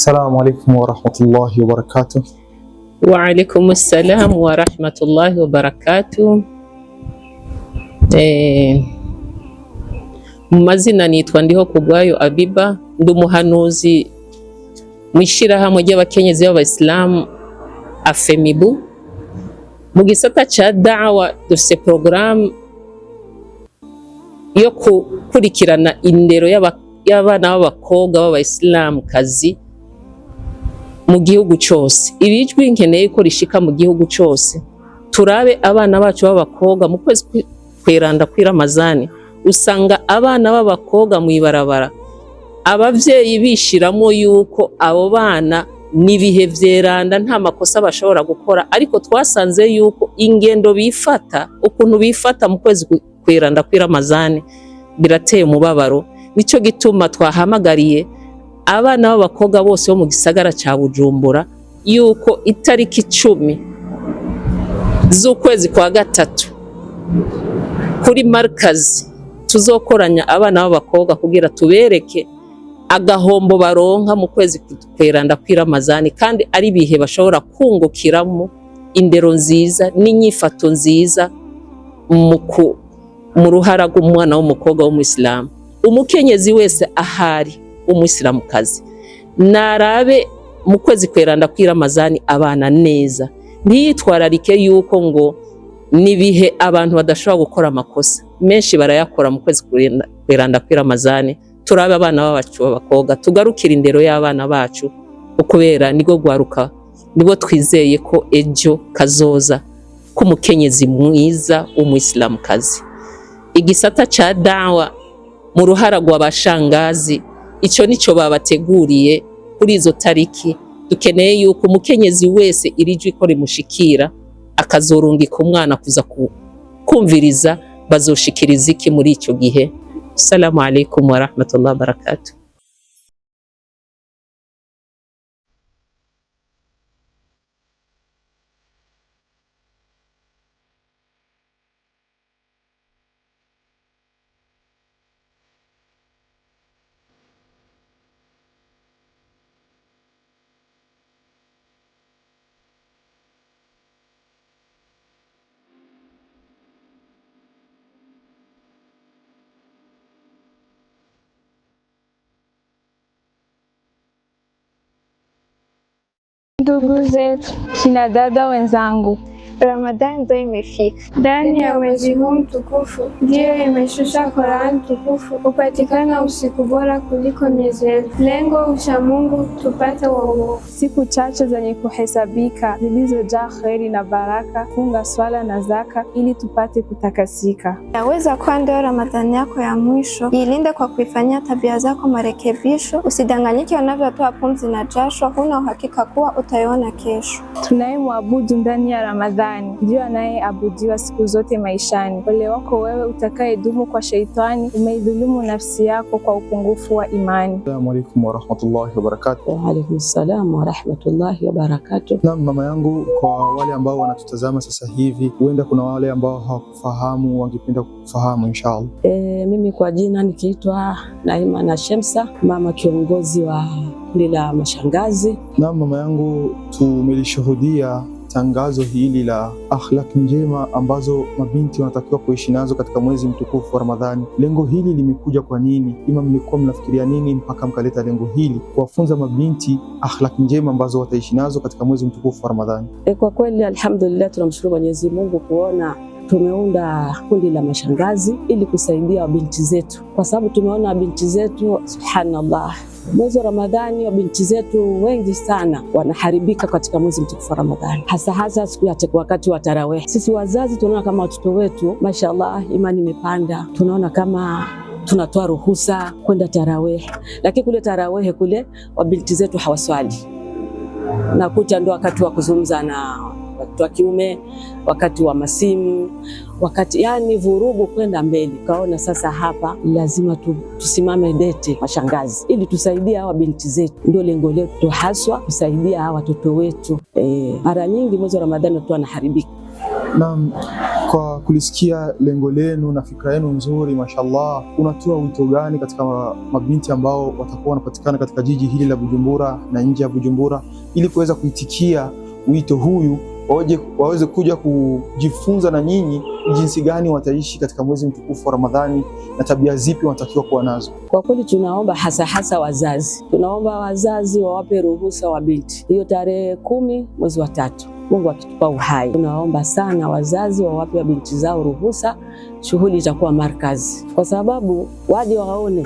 Assalamu alaikum warahmatullahi wabarakatuh. Waalaikum salam warahmatullahi wabarakatuh. Eh, mu mazina nitwa Ndiho Kugwayo Abiba ndi umuhanuzi mu ishyirahamwe ry'abakenyezi b'Abaislamu Afemibu mu gisata cya dawa dufise porogaramu yo kukurikirana indero y'abana b'abakobwa kazi mu gihugu cyose iri jwi nkeneye ko rishika mu gihugu cyose turabe abana bacu b'abakobwa mu kwezi kweranda kwiramazani usanga abana b'abakobwa mu ibarabara ababyeyi bishiramo yuko abo bana n'ibihe byeranda nta makosa bashobora gukora ariko twasanze yuko ingendo bifata ukuntu bifata mu kwezi kweranda kwiramazani birateye umubabaro nicyo gituma twahamagariye abana b'abakobwa bose bo mu gisagara cya bujumbura yuko itariki icumi z'ukwezi kwa gatatu kuri Markazi tuzokoranya abana b'abakobwa kugira tubereke agahombo baronka mu kwezi kweranda kwiramazani kandi ari ibihe bashobora kungukiramo indero nziza n'inyifato nziza mu ruhara rw'umwana w'umukobwa w'umuyisilamu umukenyezi wese ahari umwisiramukazi narabe mu kwezi kweranda kwiramazani abana neza ntiyitwararike yuko ngo nibihe abantu badashobora gukora amakosa menshi barayakora mu kwezi kweranda kwiramazani turabe abana bacu bakoga tugarukira indero y'abana bacu ukubera nigo gwaruka nibo twizeye ko ejo kazoza k'umukenyezi mwiza w'umwisilamukazi igisata cha dawa mu ruhara rwa bashangazi icyo nico babateguriye kuri izo tariki dukeneye yuko umukenyezi wese irije ko rimushikira akazorungika umwana kuza kumviriza bazoshikiriza iki muri icyo gihe assalamu alaikum wa barakatuh ndugu zetu, kina dada wenzangu Ramadhani ndio imefika. Ndani ya mwezi huu mtukufu ndiyo imeshusha Qur'an tukufu, hupatikana usiku bora kuliko miezi elfu, lengo ucha Mungu tupate wokovu. Siku chache zenye kuhesabika zilizojaa kheri na baraka, funga swala na zaka ili tupate kutakasika. Yaweza kuwa ndio Ramadhani yako ya mwisho. ilinde kwa kuifanyia tabia zako marekebisho, usidanganyike unavyotoa pumzi na jasho, huna uhakika kuwa utaiona kesho. Tunayemwabudu ndani ya Ramadhani shetani, ndiyo anayeabudiwa siku zote maishani. Ole wako wewe utakayedumu kwa sheitani, umeidhulumu nafsi yako kwa upungufu wa imani. Assalamu warahmatullahi wabarakatuh. Wa warahmatullahi wabarakatuh. Naam, mama yangu, kwa wale ambao wanatutazama sasa hivi, huenda kuna wale ambao hawakufahamu, wangependa kufahamu inshallah. E, mimi kwa jina nikiitwa Naima na Shemsa, mama kiongozi wa kundi la mashangazi. Naam, mama yangu, tumelishuhudia tangazo hili la akhlaki njema ambazo mabinti wanatakiwa kuishi nazo katika mwezi mtukufu wa Ramadhani. Lengo hili limekuja kwa nini? Ima mlikuwa mnafikiria nini mpaka mkaleta lengo hili kuwafunza mabinti akhlaki njema ambazo wataishi nazo katika mwezi mtukufu wa Ramadhani? E, kwa kweli alhamdulillah, tunamshukuru Mwenyezi Mungu kuona tumeunda kundi la mashangazi ili kusaidia binti zetu, kwa sababu tumeona binti zetu subhanallah Mwezi wa Ramadhani wa binti zetu wengi sana wanaharibika katika mwezi mtukufu wa Ramadhani, hasa hasa siku ya wakati wa tarawehe. Sisi wazazi tunaona kama watoto wetu mashallah, imani imepanda, tunaona kama tunatoa ruhusa kwenda tarawehe, lakini kule tarawehe kule wabinti zetu hawaswali, nakuta ndo wakati wa kuzungumza na watoto wa kiume, wakati wa masimu, wakati yani vurugu kwenda mbele. Kaona sasa hapa lazima tu, tusimame dete mashangazi, ili tusaidie hawa binti zetu. Ndio lengo letu haswa, kusaidia hawa watoto wetu. E, mara nyingi mwezi wa Ramadhani watu wanaharibika. Naam, kwa kulisikia lengo lenu na fikra yenu nzuri, mashallah, unatoa wito gani katika mabinti ambao watakuwa wanapatikana katika jiji hili la Bujumbura na nje ya Bujumbura ili kuweza kuitikia wito huyu waje waweze kuja kujifunza na nyinyi jinsi gani wataishi katika mwezi mtukufu wa Ramadhani na tabia zipi wanatakiwa kuwa nazo. Kwa kweli tunaomba hasa hasa wazazi, tunaomba wazazi wawape ruhusa wa binti hiyo tarehe kumi mwezi wa tatu, Mungu akitupa uhai. Tunaomba sana wazazi wawape wa binti zao ruhusa, shughuli itakuwa markazi, kwa sababu waje waone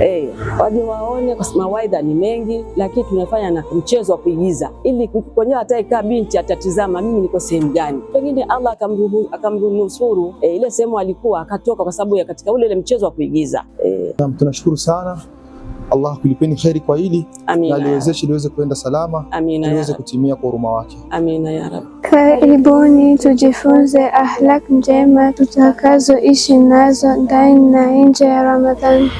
eh, waje waone, kwa sababu mawaidha ni mengi, lakini tunafanya na mchezo wa kuigiza, ili kwenyewe ataekaa binti atatizama mimi niko sehemu gani, pengine Allah akamruhu, akamnusuru eh, ile sehemu alikuwa akatoka, kwa sababu katika ule ile mchezo wa kuigiza eh. Tunashukuru sana Allah kulipeni kheri kwa hili na liwezeshe liweze kuenda salama, liweze kutimia kwa huruma wake. Amina ya Rabb. Karibuni tujifunze ahlak njema tutakazoishi nazo ndani na nje ya Ramadhani.